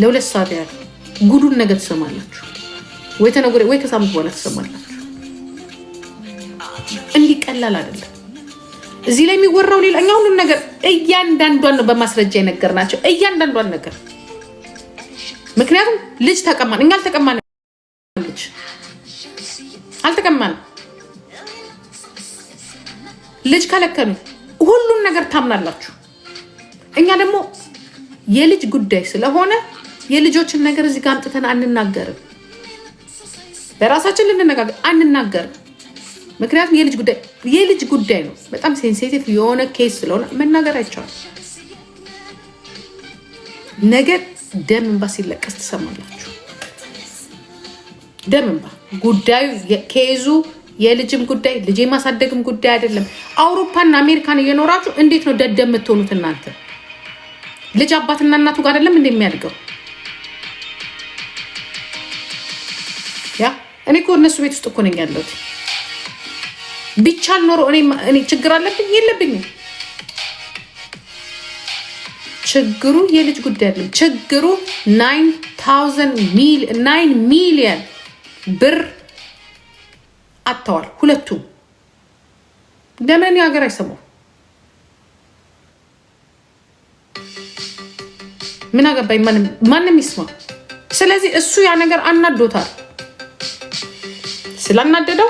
ለሁለት ሰዓት ያህል ጉዱን ነገር ትሰማላችሁ፣ ወይ ተነገ ወይ ከሳምንት በኋላ ትሰማላችሁ። እንዲህ ቀላል አይደለም። እዚህ ላይ የሚወራው ሌላ እኛ ሁሉም ነገር እያንዳንዷን ነው በማስረጃ ናቸው እያንዳንዷን ነገር ምክንያቱም ልጅ ተቀማን፣ እኛ አልተቀማን ልጅ አልተቀማን ልጅ ከለከሉ ሁሉም ነገር ታምናላችሁ። እኛ ደግሞ የልጅ ጉዳይ ስለሆነ የልጆችን ነገር እዚህ ጋር አምጥተን አንናገርም። በራሳችን ልንነጋገር አንናገርም። ምክንያቱም የልጅ ጉዳይ የልጅ ጉዳይ ነው። በጣም ሴንሴቲቭ የሆነ ኬስ ስለሆነ መናገር አይቻልም። ነገር ደም እንባ ሲለቀስ ትሰማላችሁ። ደም እንባ ጉዳዩ ኬዙ የልጅም ጉዳይ ልጅ የማሳደግም ጉዳይ አይደለም። አውሮፓና አሜሪካን እየኖራችሁ እንዴት ነው ደደም የምትሆኑት እናንተ? ልጅ አባትና እናቱ ጋር አይደለም እንደሚያድገው እኔ እኮ እነሱ ቤት ውስጥ እኮ ነኝ ያለሁት። ቢቻል ኖሮ እኔ ችግር አለብኝ የለብኝም። ችግሩ የልጅ ጉዳይ አይደለም። ችግሩ ናይን ሚሊየን ብር አጥተዋል ሁለቱም። ለምን እኔ ሀገር አይሰማው? ምን አገባኝ? ማንም ይስማ። ስለዚህ እሱ ያ ነገር አናዶታል። ስላናደደው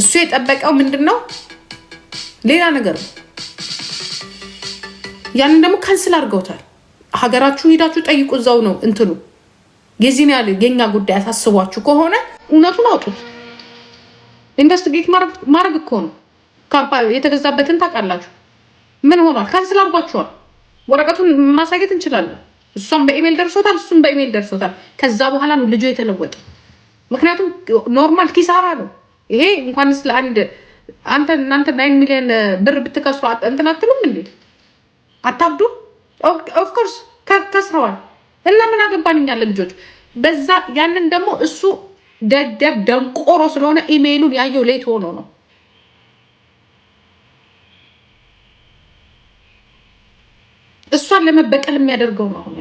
እሱ የጠበቀው ምንድን ነው? ሌላ ነገር ነው። ያንን ደግሞ ከንስል አድርገውታል። ሀገራችሁ ሂዳችሁ ጠይቁ። እዛው ነው እንትኑ። የዚህን ያለ የኛ ጉዳይ አሳስቧችሁ ከሆነ እውነቱን አውጡት። ኢንቨስቲጌት ማድረግ እኮ ነው። የተገዛበትን ታውቃላችሁ። ምን ሆኗል? ካንስል አድርጓችኋል። ወረቀቱን ማሳየት እንችላለን። እሷም በኢሜል ደርሶታል፣ እሱም በኢሜል ደርሶታል። ከዛ በኋላ ነው ልጆ የተለወጠ ምክንያቱም ኖርማል ኪሳራ ነው ይሄ። እንኳንስ ለአንድ አንተ እናንተ ናይን ሚሊዮን ብር ብትከሱ እንትን አትሉም እንዴ? አታብዱ። ኦፍኮርስ ከስረዋል እና ምን አገባን እኛ ልጆች። በዛ ያንን ደግሞ እሱ ደደብ ደንቆሮ ስለሆነ ኢሜይሉን ያየው ሌት ሆኖ ነው። እሷን ለመበቀል የሚያደርገው ነው አሁን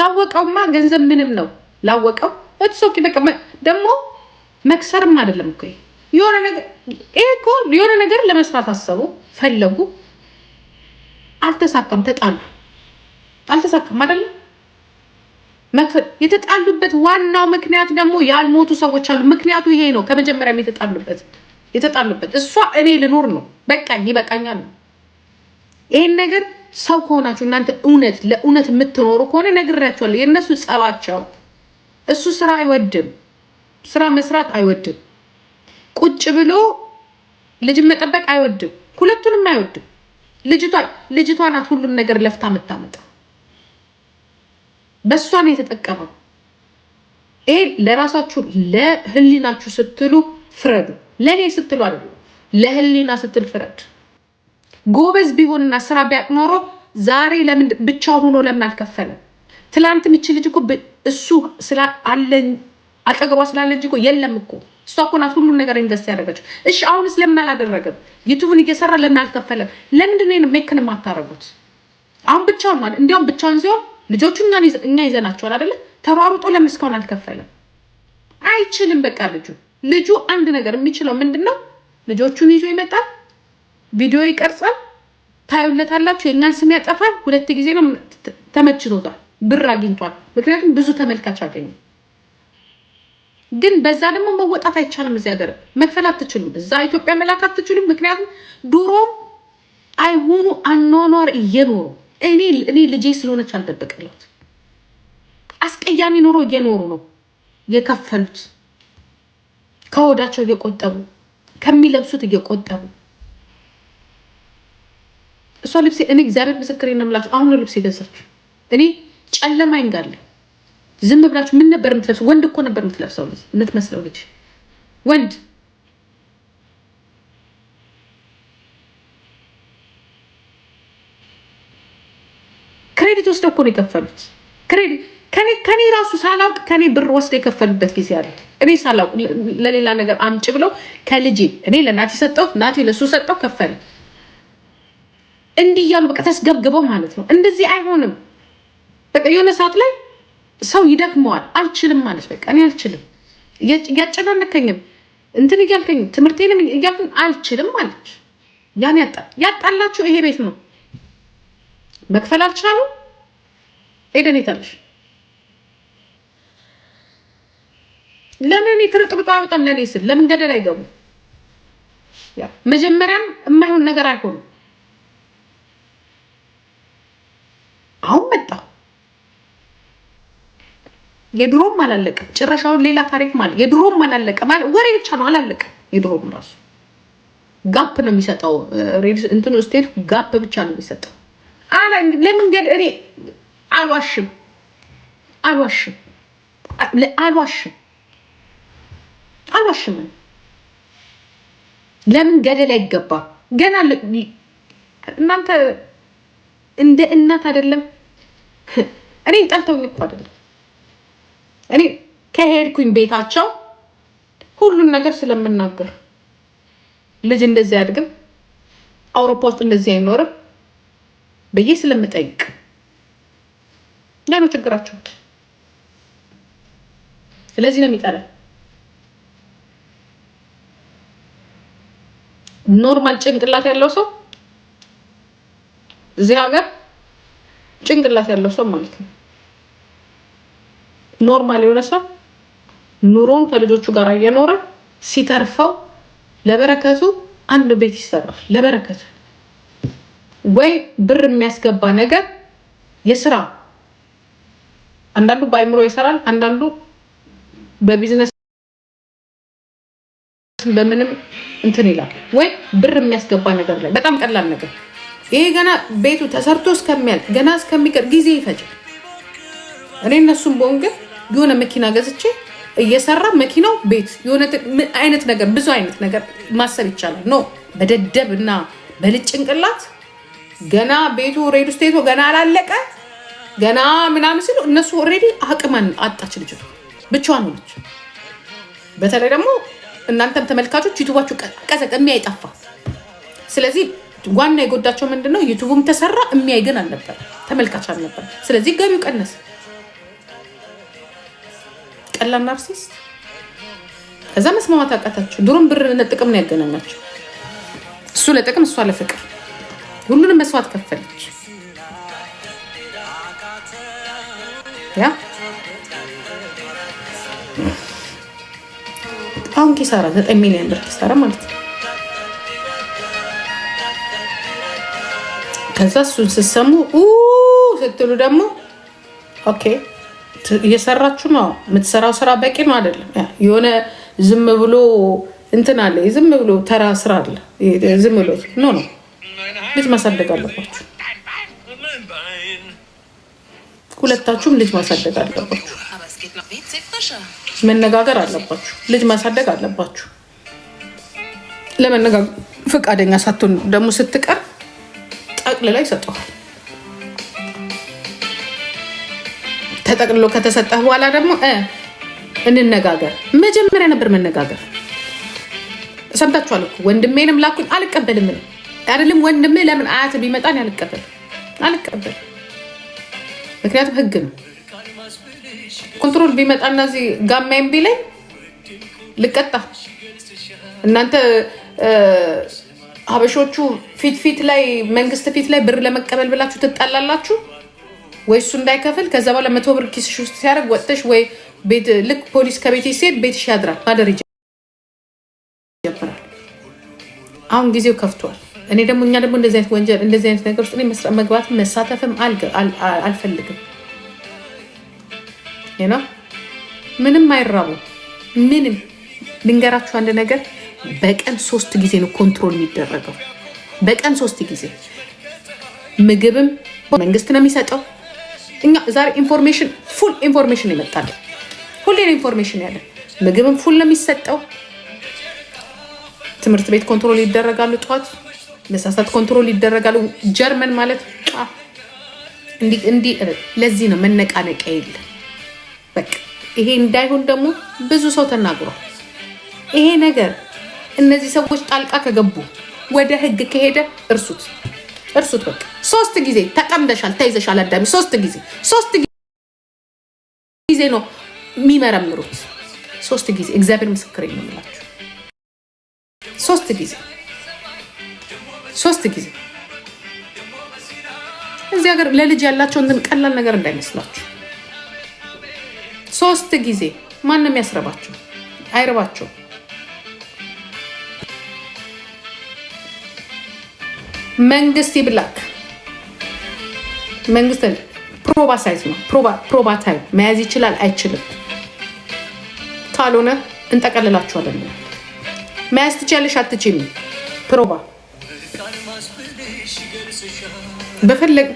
ላወቀውማ ገንዘብ ምንም ነው ላወቀው እሱ በቃ ደግሞ መክሰርም አይደለም እኮ የሆነ ነገር እኮ ነገር ለመስራት አሰቡ፣ ፈለጉ፣ አልተሳካም፣ ተጣሉ። አልተሳካም አይደለም የተጣሉበት ዋናው ምክንያት ደግሞ ያልሞቱ ሰዎች አሉ። ምክንያቱ ይሄ ነው። ከመጀመሪያም የተጣሉበት የተጣሉበት እሷ እኔ ልኖር ነው በቃኝ ይበቃኛል ይሄን ነገር ሰው ከሆናችሁ እናንተ እውነት ለእውነት የምትኖሩ ከሆነ ነግራችኋለሁ። የእነሱ ጸባቸው እሱ ስራ አይወድም፣ ስራ መስራት አይወድም፣ ቁጭ ብሎ ልጅ መጠበቅ አይወድም፣ ሁለቱንም አይወድም። ልጅቷ ልጅቷ ናት ነገር ለፍታ የምታመጣ በእሷ ነው የተጠቀመው። ይሄ ለራሳችሁ ለህሊናችሁ ስትሉ ፍረዱ፣ ለእኔ ስትሉ አይደለም፣ ለህሊና ስትል ፍረድ። ጎበዝ ቢሆንና ስራ ቢያቅ ኖሮ ዛሬ ለምን ብቻውን ሆኖ ለምን አልከፈለም? ትላንት ምች ልጅ እኮ እሱ ስላለኝ አጠገቧ ስላለች እኮ የለም እኮ እሷ እኮ ናት ሁሉን ነገር ኢንቨስት ያደረገችው። እሺ አሁንስ ለምን አላደረገም? ዩቱብን እየሰራ ለምን አልከፈለም? ለምንድን ነው ሜክን የማታረጉት? አሁን ብቻውን ማለት እንዲያውም ብቻውን ሲሆን ልጆቹ እኛ ይዘናቸዋል አይደለ? ተሯሩጦ ለምን እስካሁን አልከፈለም? አይችልም። በቃ ልጁ ልጁ አንድ ነገር የሚችለው ምንድን ነው? ልጆቹን ይዞ ይመጣል ቪዲዮ ይቀርጻል፣ ታዩለታላችሁ። የእኛን ስም ያጠፋል። ሁለት ጊዜ ነው ተመችቶታል፣ ብር አግኝቷል። ምክንያቱም ብዙ ተመልካች አገኙ። ግን በዛ ደግሞ መወጣት አይቻልም። እዚህ ሀገር መክፈል አትችሉም። እዛ ኢትዮጵያ መላክ አትችሉም። ምክንያቱም ድሮም አይሆኑ አኗኗር እየኖሩ እኔ እኔ ልጄ ስለሆነች አልደበቀለት አስቀያሚ ኑሮ እየኖሩ ነው የከፈሉት። ከወዳቸው እየቆጠቡ ከሚለብሱት እየቆጠቡ እሷ ልብሴ እኔ እግዚአብሔር ምስክር ነው የምላችሁ። አሁን ልብሴ ገዛችሁ። እኔ ጨለማ ይንጋለ ዝም ብላችሁ ምን ነበር የምትለብሰው? ወንድ እኮ ነበር የምትለብሰው የምትመስለው ልጅ ወንድ ክሬዲት ወስደው እኮ ነው የከፈሉት። ክሬዲት ከኔ ራሱ ሳላውቅ ከኔ ብር ወስደ የከፈሉበት ጊዜ አለ። እኔ ሳላውቅ ለሌላ ነገር አምጭ ብለው ከልጄ እኔ ለናቲ ሰጠው፣ ናቲ ለሱ ሰጠው፣ ከፈለ እንዲህ እያሉ በቃ ተስገብግበው ማለት ነው። እንደዚህ አይሆንም። በቃ የሆነ ሰዓት ላይ ሰው ይደክመዋል። አልችልም ማለት በቃ እኔ አልችልም፣ ያጨናነከኝም እንትን እያልከኝ ትምህርቴንም እያልኩኝ አልችልም ማለች። ያን ያጣላችሁ ይሄ ቤት ነው። መክፈል አልቻሉ ኤደን የታለሽ? ለምን እኔ ትርጥብጣ በጣም ለኔ ስል ለምን ገደል አይገቡ? መጀመሪያም የማይሆን ነገር አይሆኑም። አሁን መጣ። የድሮም አላለቀም። ጭራሻውን ሌላ ታሪክ ማለት የድሮም አላለቀም። ወሬ ብቻ ነው አላለቀ። የድሮም ራሱ ጋፕ ነው የሚሰጠው። እንትኑ ስቴት ጋፕ ብቻ ነው የሚሰጠው። ለምን እኔ አልዋሽም አልዋሽም አልዋሽም አልዋሽም። ለምን ገደል አይገባም? ገና እናንተ እንደ እናት አይደለም እኔ ጠልተው እኮ አይደለም። እኔ ከሄድኩኝ ቤታቸው ሁሉን ነገር ስለምናገር ልጅ እንደዚህ አያድግም፣ አውሮፓ ውስጥ እንደዚህ አይኖርም ብዬ ስለምጠይቅ ያ ነው ችግራቸው። ስለዚህ ነው የሚጠላ ኖርማል ጭንቅላት ያለው ሰው እዚህ ሀገር ጭንቅላት ያለው ሰው ማለት ነው። ኖርማል የሆነ ሰው ኑሮን ከልጆቹ ጋር እየኖረ ሲተርፈው ለበረከቱ አንድ ቤት ይሰራል። ለበረከቱ ወይ ብር የሚያስገባ ነገር የስራ አንዳንዱ በአይምሮ ይሰራል፣ አንዳንዱ በቢዝነስ በምንም እንትን ይላል። ወይ ብር የሚያስገባ ነገር ላይ በጣም ቀላል ነገር ይሄ ገና ቤቱ ተሰርቶ እስከሚያልቅ ገና እስከሚቀር ጊዜ ይፈጃል። እኔ እነሱም በሆን ግን የሆነ መኪና ገዝቼ እየሰራ መኪናው ቤት የሆነ አይነት ነገር ብዙ አይነት ነገር ማሰብ ይቻላል። ኖ በደደብ እና በልጭንቅላት ገና ቤቱ ሬድ ስቴቶ ገና አላለቀ ገና ምናምን ሲሉ እነሱ ኦልሬዲ አቅመን አጣች ልጅቷ ብቻዋን ሆነች። በተለይ ደግሞ እናንተም ተመልካቾች ዩቱባችሁ ቀዘቀ የሚያይጠፋ ስለዚህ ዋና የጎዳቸው ምንድን ነው? ዩቱቡም ተሰራ የሚያይ ግን አልነበር፣ ተመልካች አልነበር። ስለዚህ ገቢው ቀነስ። ቀላል ናርሲስ። ከዛ መስማማት አቃታቸው። ድሮም ብር ጥቅም ነው ያገናኛቸው፣ እሱ ለጥቅም እሷ ለፍቅር። ሁሉንም መስዋዕት ከፈለች። ያ አሁን ኪሳራ ዘጠኝ ሚሊዮን ብር ኪሳራ ማለት ነው። ከዛ እሱን ስትሰሙ ስትሉ ደግሞ ኦኬ እየሰራችሁ ነው። የምትሰራው ስራ በቂ ነው አይደለም። የሆነ ዝም ብሎ እንትን አለ፣ ዝም ብሎ ተራ ስራ አለ። ዝም ብሎ ኖ ነው ልጅ ማሳደግ አለባችሁ። ሁለታችሁም ልጅ ማሳደግ አለባችሁ። መነጋገር አለባችሁ። ልጅ ማሳደግ አለባችሁ። ለመነጋገር ፈቃደኛ ሳትሆን ደግሞ ስትቀር ጠቅልላ ይሰጠዋል። ተጠቅልሎ ከተሰጠህ በኋላ ደግሞ እንነጋገር። መጀመሪያ ነበር መነጋገር። ሰምታችኋል እኮ ወንድሜንም ላኩኝ አልቀበልም። አይደለም ወንድሜ ለምን አያት ቢመጣን ያልቀበል አልቀበል። ምክንያቱም ህግ ነው። ኮንትሮል ቢመጣ እናዚህ ጋማይም ቢለኝ ልቀጣ እናንተ ሀበሾቹ ፊት ፊት ላይ መንግስት ፊት ላይ ብር ለመቀበል ብላችሁ ትጣላላችሁ ወይ? እሱ እንዳይከፍል ከዛ በኋላ መቶ ብር ኪስሽ ውስጥ ሲያደርግ ወጥተሽ ወይ ቤት ልክ ፖሊስ ከቤት ሲሄድ ቤትሽ ያድራል፣ ማደር ይጀምራል። አሁን ጊዜው ከፍቷል። እኔ ደግሞ እኛ ደግሞ እንደዚህ አይነት ወንጀል እንደዚህ አይነት ነገር ውስጥ መስራት መግባትም መሳተፍም አልፈልግም። ምንም አይራቡ ምንም ልንገራችሁ አንድ ነገር በቀን ሶስት ጊዜ ነው ኮንትሮል የሚደረገው። በቀን ሶስት ጊዜ ምግብም መንግስት ነው የሚሰጠው። እኛ ዛሬ ኢንፎርሜሽን ፉል ኢንፎርሜሽን ይመጣል። ሁሌ ኢንፎርሜሽን ያለ። ምግብም ፉል ነው የሚሰጠው። ትምህርት ቤት ኮንትሮል ይደረጋሉ። ጠዋት መሳሳት ኮንትሮል ይደረጋሉ። ጀርመን ማለት እንዲህ። ለዚህ ነው መነቃነቂያ የለ። በቃ ይሄ እንዳይሆን ደግሞ ብዙ ሰው ተናግሯል። ይሄ ነገር እነዚህ ሰዎች ጣልቃ ከገቡ ወደ ህግ ከሄደ እርሱት እርሱት። በቃ ሶስት ጊዜ ተጠምደሻል፣ ተይዘሻል። አዳሚ ሶስት ጊዜ ሶስት ጊዜ ነው የሚመረምሩት። ሶስት ጊዜ እግዚአብሔር ምስክር ነው የምላችሁ። ሶስት ጊዜ ሶስት ጊዜ እዚህ ሀገር ለልጅ ያላቸው እንትን ቀላል ነገር እንዳይመስላችሁ። ሶስት ጊዜ ማንም ያስረባቸው አይረባቸው መንግስት ይብላክ። መንግስት ፕሮባ ሳይዝ ነው። ፕሮባ ታይም መያዝ ይችላል አይችልም? ካልሆነ እንጠቀልላችኋለን። መያዝ ትችያለሽ አትችይም? ፕሮባ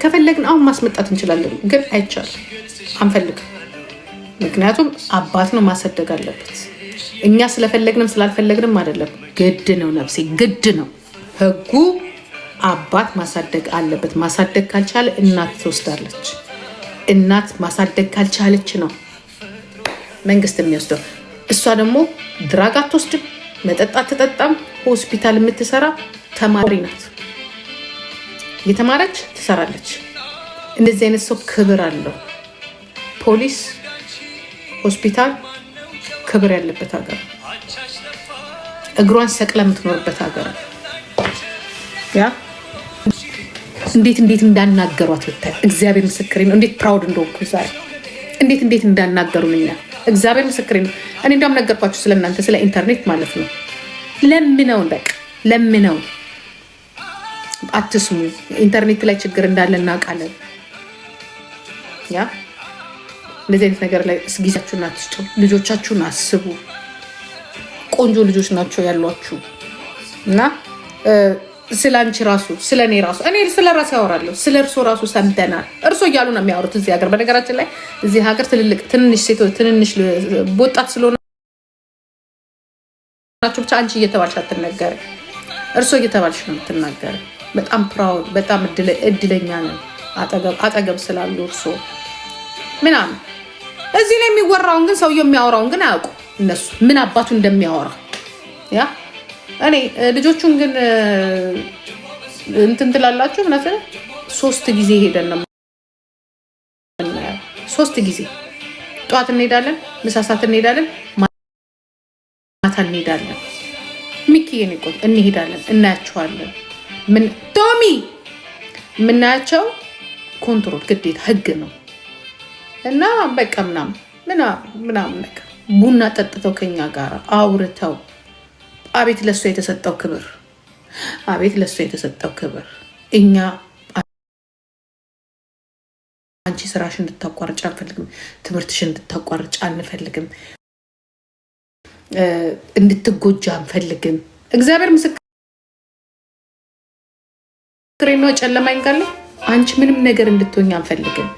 ከፈለግን አሁን ማስመጣት እንችላለን፣ ግን አይቻል አንፈልግም። ምክንያቱም አባት ነው ማሰደግ አለበት። እኛ ስለፈለግንም ስላልፈለግንም አይደለም፣ ግድ ነው። ነፍሴ ግድ ነው ህጉ አባት ማሳደግ አለበት። ማሳደግ ካልቻለ እናት ትወስዳለች። እናት ማሳደግ ካልቻለች ነው መንግስት የሚወስደው። እሷ ደግሞ ድራግ አትወስድም፣ መጠጥ አትጠጣም፣ ሆስፒታል የምትሰራ ተማሪ ናት። እየተማረች ትሰራለች። እንደዚህ አይነት ሰው ክብር አለው። ፖሊስ፣ ሆስፒታል ክብር ያለበት ሀገር፣ እግሯን ሰቅላ የምትኖርበት ሀገር ያ እንዴት እንዴት እንዳናገሯት ብታይ እግዚአብሔር ምስክሬ ነው። እንዴት ፕራውድ እንደሆንኩ ዛሬ እንዴት እንዴት እንዳናገሩ እኛ እግዚአብሔር ምስክሬ ነው። እኔ እንዳም ነገርኳችሁ ስለእናንተ ስለ ኢንተርኔት ማለት ነው። ለምነውን በቃ ለምነውን አትስሙ። ኢንተርኔት ላይ ችግር እንዳለ እናውቃለን። ያ እንደዚህ አይነት ነገር ላይ ጊዜያችሁን አትስጡ። ልጆቻችሁን አስቡ። ቆንጆ ልጆች ናቸው ያሏችሁ እና ስለ አንቺ ራሱ ስለ እኔ ራሱ እኔ ስለ ራሴ ያወራለሁ። ስለ እርሶ ራሱ ሰምተናል። እርሶ እያሉ ነው የሚያወሩት እዚህ ሀገር። በነገራችን ላይ እዚህ ሀገር ትልልቅ ትንንሽ ሴቶች ትንንሽ ወጣት ስለሆናችሁ ብቻ አንቺ እየተባልሽ አትነገር፣ እርሶ እየተባልሽ ነው የምትናገር። በጣም ፕራውድ፣ በጣም እድለኛ ነው አጠገብ ስላሉ እርሶ ምናምን። እዚህ ነው የሚወራውን ግን ሰውየው የሚያወራውን ግን አያውቁ እነሱ ምን አባቱ እንደሚያወራ ያ እኔ ልጆቹን ግን እንትን ትላላችሁ እምነት ሶስት ጊዜ ሄደን ነው ሶስት ጊዜ ጠዋት እንሄዳለን፣ ምሳሳት እንሄዳለን፣ ማታ እንሄዳለን። ሚኪ የኔ ቆይ እንሄዳለን፣ እናያቸዋለን። ምን ቶሚ የምናያቸው ኮንትሮል ግዴታ ህግ ነው እና በቃ ምናምን ምናምን ነገር ቡና ጠጥተው ከኛ ጋር አውርተው አቤት ለእሱ የተሰጠው ክብር! አቤት ለእሱ የተሰጠው ክብር! እኛ አንቺ ስራሽ እንድታቋርጭ አንፈልግም። ትምህርትሽ እንድታቋርጭ አንፈልግም። እንድትጎጃ አንፈልግም። እግዚአብሔር ምስክሬ ነው። ጨለማ ይንጋለሁ። አንቺ ምንም ነገር እንድትሆኝ አንፈልግም።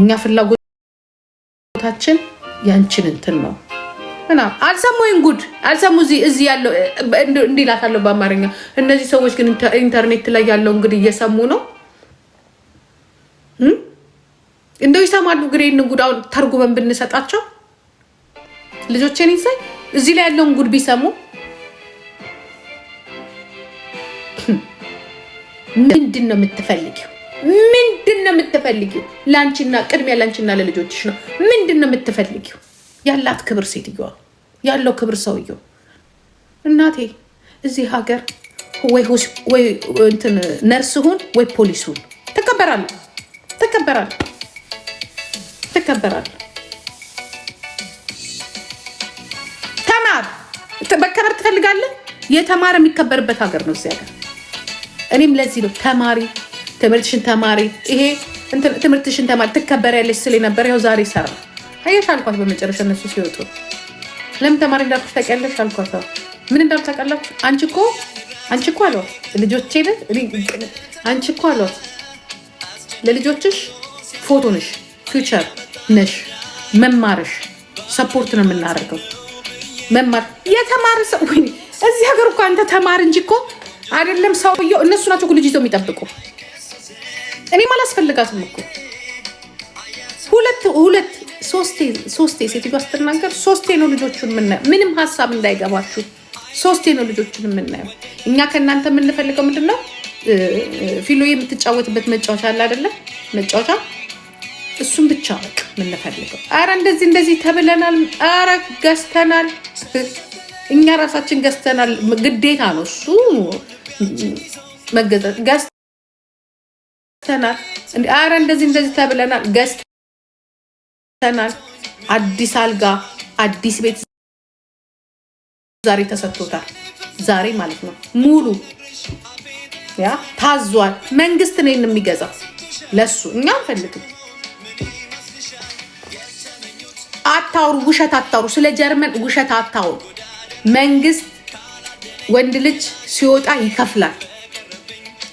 እኛ ፍላጎታችን ያንቺን እንትን ነው አልሰሙ ወይም ጉድ አልሰሙ። እዚህ ያለው እንዲህ እላታለሁ በአማርኛ። እነዚህ ሰዎች ግን ኢንተርኔት ላይ ያለው እንግዲህ እየሰሙ ነው። እንደው ይሰማሉ። ግን ጉድ አሁን ተርጉመን ብንሰጣቸው ልጆቼን ይሳይ እዚህ ላይ ያለውን ጉድ ቢሰሙ ምንድን ነው የምትፈልጊው? ምንድን ነው የምትፈልጊው? ለአንቺና ቅድሚያ ለአንቺና ለልጆችሽ ነው። ምንድን ነው የምትፈልጊው? ያላት ክብር ሴትዮዋ ያለው ክብር ሰውየው። እናቴ እዚህ ሀገር ወይ እንትን ነርስ ሁን ወይ ፖሊስ ሁን ትከበራል፣ ትከበራል፣ ትከበራል። ተማር መከበር ትፈልጋለህ? የተማረ የሚከበርበት ሀገር ነው እዚህ ሀገር። እኔም ለዚህ ነው ተማሪ ትምህርትሽን ተማሪ ይሄ ትምህርትሽን ተማሪ ያለች ስል ነበር። ያው ዛሬ ይሰራል። አየሽ አልኳት። በመጨረሻ እነሱ ሲወጡ ለምን ተማሪ እንዳልኩሽ ታውቂያለሽ አልኳት። ምን እንዳሉ ታውቃላችሁ? አንቺ እኮ አንቺ እኮ አሏት ልጆቼ ነ አንቺ እኮ አሏት ለልጆችሽ ፎቶ ነሽ፣ ፊውቸር ነሽ፣ መማርሽ ሰፖርት ነው የምናደርገው። መማር የተማረ ሰው ወይ እዚህ ሀገር እኮ አንተ ተማር እንጂ እኮ አይደለም ሰውየው። እነሱ ናቸው ልጅ ይዘው የሚጠብቁ እኔም አላስፈልጋትም እኮ ሁለት ሁለት ሶስቴ ሶስቴ ሴትዮዋ ስትናገር ሶስቴ ነው ልጆቹን የምናየው። ምንም ሀሳብ እንዳይገባችሁ ሶስቴ ነው ልጆቹን የምናየው። እኛ ከእናንተ የምንፈልገው ምንድን ነው? ፊሎ የምትጫወትበት መጫወቻ አለ አይደለ? መጫወቻ እሱም ብቻ በቃ የምንፈልገው። አረ እንደዚህ እንደዚህ ተብለናል። አረ ገዝተናል፣ እኛ ራሳችን ገዝተናል። ግዴታ ነው እሱ መገዛት ገዝተናል። አረ እንደዚህ እንደዚህ ተብለናል ገዝ ተናል አዲስ አልጋ አዲስ ቤት ዛሬ ተሰጥቶታል። ዛሬ ማለት ነው ሙሉ ያ ታዟል። መንግስት ነው የሚገዛው ለሱ እኛ አንፈልግም። አታውሩ፣ ውሸት አታውሩ፣ ስለ ጀርመን ውሸት አታውሩ። መንግስት ወንድ ልጅ ሲወጣ ይከፍላል፣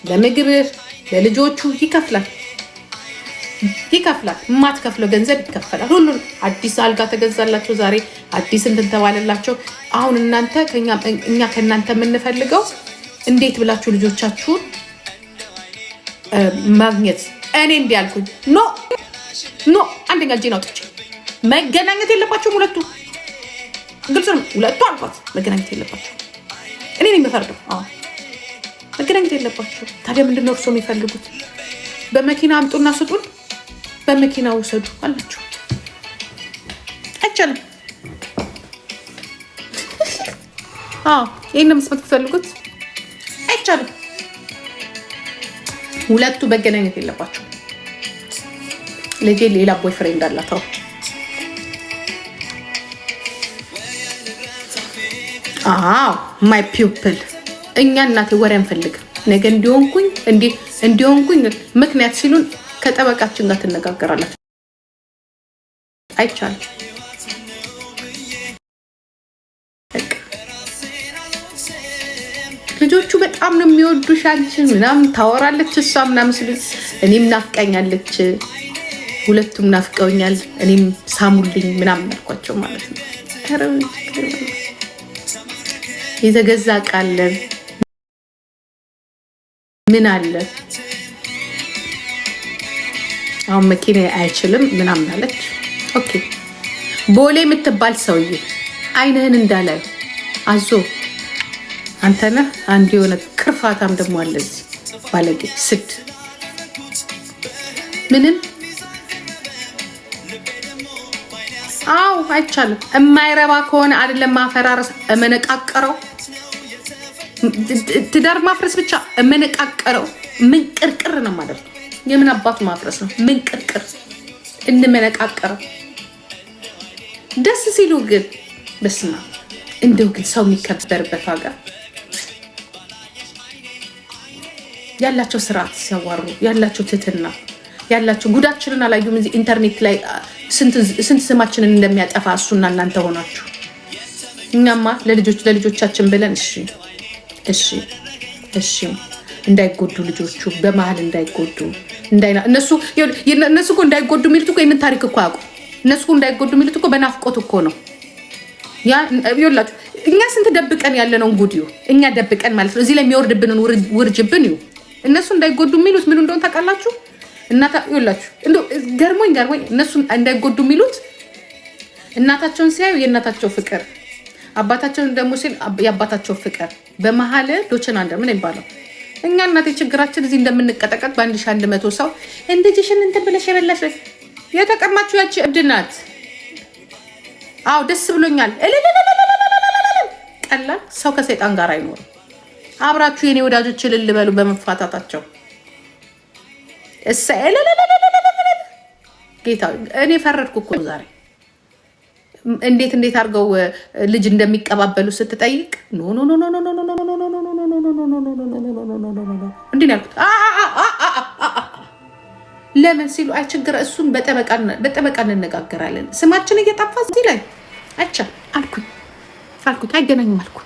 ለምግብ ለልጆቹ ይከፍላል። ይከፍላል። የማትከፍለው ገንዘብ ይከፈላል። ሁሉን አዲስ አልጋ ተገዛላቸው፣ ዛሬ አዲስ እንትን ተባለላቸው። አሁን እናንተ እኛ ከእናንተ የምንፈልገው እንዴት ብላችሁ ልጆቻችሁን ማግኘት እኔ እንዲህ ያልኩኝ ኖ ኖ፣ አንደኛ እጄን አውጥቼ መገናኘት የለባቸውም ሁለቱ። ግልጽ ነው ሁለቱ አልኳት፣ መገናኘት የለባቸው እኔ ነው የሚፈርደው መገናኘት የለባቸው። ታዲያ ምንድነው እርሶ የሚፈልጉት? በመኪና አምጡና ስጡን። በመኪና ውሰዱ አላቸው። አይቻልም። ይህን መስማት ትፈልጉት አይቻልም። ሁለቱ መገናኘት የለባቸው። ልጄ ሌላ ቦይ ፍሬንድ አላት። አዎ ማይ ፒፕል እኛ እናቴ ወሬ አንፈልግም። ነገ እንዲሆንኩኝ እንዲሆንኩኝ ምክንያት ሲሉን ከጠበቃችን ጋር ትነጋገራለች። አይቻልም። ልጆቹ በጣም ነው የሚወዱሽ አንቺን ምናምን ታወራለች እሷ ምናምን ሲሉ እኔም ናፍቀኛለች ሁለቱም ናፍቀውኛል፣ እኔም ሳሙልኝ ምናምን ያልኳቸው ማለት ነው። የተገዛ ቃለን ምን አለ አሁን መኪና አይችልም ምናምን አለች። ኦኬ ቦሌ የምትባል ሰውዬ አይንህን እንዳለ አዞ አንተነ አንድ የሆነ ክርፋታም ደግሞ አለ እዚህ ባለጌ ስድ ምንም አው አይቻልም። የማይረባ ከሆነ አይደለም ማፈራረስ እመነቃቀረው ትዳር ማፍረስ ብቻ እመነቃቀረው ምንቅርቅር ነው ማደርገው የምን አባት ማፍረስ ነው? ምን ቅርቅር እንመነቃቀር። ደስ ሲሉ ግን በስማ እንደው ግን ሰው የሚከበርበት ሀገር ያላቸው ስርዓት ሲያዋሩ ያላቸው ትትና ያላቸው ጉዳችንን አላዩም። እዚህ ኢንተርኔት ላይ ስንት ስማችንን እንደሚያጠፋ እሱና እናንተ ሆናችሁ እኛማ ለልጆች ለልጆቻችን ብለን እሺ እሺ እሺ እንዳይጎዱ ልጆቹ በመሀል እንዳይጎዱ እነሱ እነሱ እኮ እንዳይጎዱ የሚሉት እኮ ይህንን ታሪክ እኮ አያውቁም። እነሱ እንዳይጎዱ የሚሉት እኮ በናፍቆት እኮ ነው። ላችሁ እኛ ስንት ደብቀን ያለነውን ጉድ እኛ ደብቀን ማለት ነው። እዚህ ላይ የሚወርድብንን ውርጅብን ይሁ እነሱ እንዳይጎዱ የሚሉት ምን እንደሆን ታውቃላችሁ? እናላችሁ ገርሞኝ ገርሞኝ እነሱ እንዳይጎዱ የሚሉት እናታቸውን ሲያዩ የእናታቸው ፍቅር አባታቸውን ደግሞ ሲል የአባታቸው ፍቅር በመሀል ዶቸናንደ ምን ይባለው እኛ እናቴ ችግራችን እዚህ እንደምንቀጠቀጥ በአንድ ሺህ አንድ መቶ ሰው እንደጅሽን እንትን ብለሽ የበላሽ የተቀማችሁ ያቺ እብድ ናት። አዎ ደስ ብሎኛል። ቀላል ሰው ከሰይጣን ጋር አይኖርም። አብራችሁ የኔ ወዳጆች እልል በሉ በመፋታታቸው እሰ ጌታ እኔ ፈረድኩ እኮ ዛሬ እንዴት እንዴት አድርገው ልጅ እንደሚቀባበሉ ስትጠይቅ ኖ ኖ ኖ ኖ ኖ ኖ ኖ ኖ እንዴ ያልኩት ለምን ሲሉ አይ እሱን በጠበቃ እንነጋገራለን። ስማችን እየጠፋ እዚህ ላይ አቻ አልኩኝ አልኩኝ አይገናኝም አልኩኝ።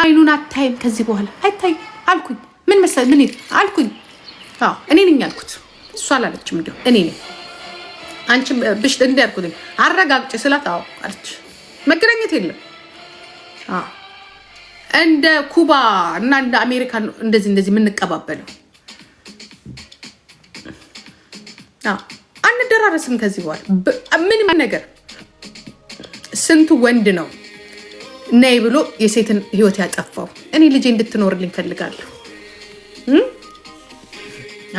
አይኑን አታይም ከዚህ በኋላ አይታይ አልኩኝ። ምን መሰለህ ምን አልኩኝ። እኔ ነኝ ያልኩት እሷ አላለችም። እንዲሁ እኔ ነኝ አንቺ ብሽ እንዲ ያልኩት አረጋግጭ ስላት አዎ አለች። መገናኘት የለም እንደ ኩባ እና እንደ አሜሪካ እንደዚህ እንደዚህ የምንቀባበለው አንደራረስም። ከዚህ በኋላ ምንም ነገር ስንቱ ወንድ ነው ነይ ብሎ የሴትን ህይወት ያጠፋው። እኔ ልጄ እንድትኖርልኝ ፈልጋለሁ።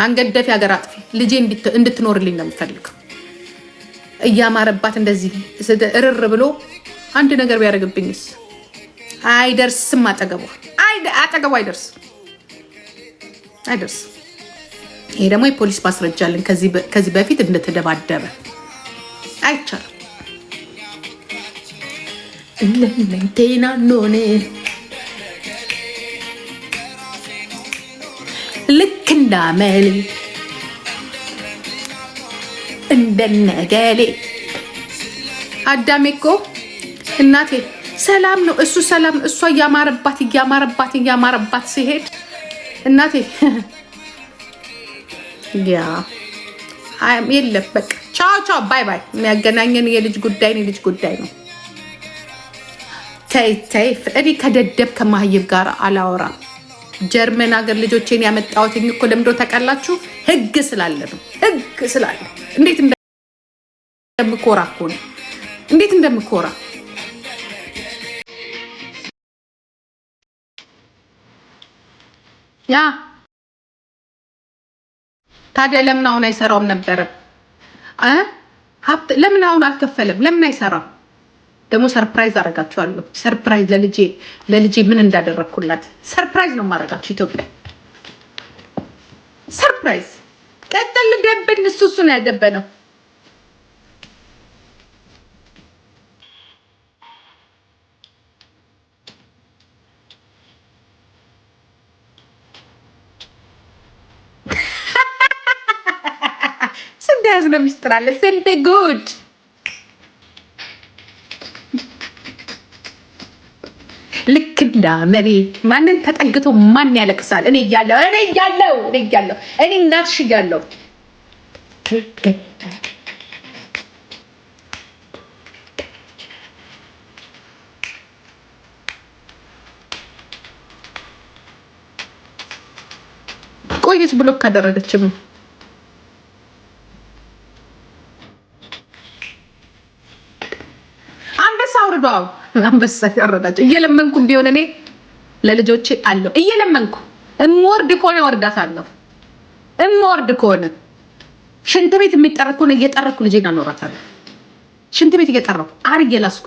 አንገደፊ ሀገር አጥፊ ልጄ እንድትኖርልኝ ነው የምፈልገው። እያማረባት እንደዚህ እርር ብሎ አንድ ነገር ቢያደርግብኝስ አይደርስም። አጠገቡ አጠገቡ አይደርስ አይደርስ ይሄ ደግሞ የፖሊስ ማስረጃ አለን። ከዚህ በፊት እንደተደባደበ አይቻልም። ቴና ሎኔ ልክ እንዳመሌ እንደነገሌ አዳሜ እኮ እናቴ ሰላም ነው እሱ ሰላም፣ እሷ እያማረባት እያማረባት እያማረባት ሲሄድ እናቴ ያ የለም በቃ ቻው ቻው፣ ባይ ባይ። የሚያገናኘን የልጅ ጉዳይ የልጅ ጉዳይ ነው። ተይ ተይ፣ እኔ ከደደብ ከማህይብ ጋር አላወራም። ጀርመን ሀገር ልጆቼን ያመጣሁት እኮ ለምዶ ተቀላችሁ ህግ ስላለ ነው። ህግ ስላለ እንዴት እንደምኮራ እኮ ነው። እንዴት እንደምኮራ ያ ታዲያ ለምን አሁን አይሰራውም ነበረም? ሀብት ለምን አሁን አልከፈለም? ለምን አይሰራም? ደግሞ ሰርፕራይዝ አደርጋችኋለሁ። ሰርፕራይዝ ለልጄ ለልጄ ምን እንዳደረግኩላት ሰርፕራይዝ ነው የማደርጋችሁ። ኢትዮጵያ ሰርፕራይዝ ቀጥል ደብን እሱ እሱ ነው ያደበነው። የተያዝነው ሚስጥር አለ። ስንት ጉድ ልክ እንዳ መሪ ማንን ተጠግቶ ማን ያለቅሳል? እኔ እያለሁ እኔ እያለሁ እኔ እያለሁ እኔ እናትሽ እያለሁ ቆየት ብሎክ አደረገችም። ቅርብ አዎ አንበሳ ያወረዳቸው እየለመንኩ ቢሆን እኔ ለልጆቼ አለሁ እየለመንኩ እምወርድ ከሆነ ወርዳታለሁ። እምወርድ ከሆነ ሽንት ቤት የሚጠረኩ እየጠረኩ ልጄን አኖራታለሁ። ሽንት ቤት እየጠረኩ አር እየላስኩ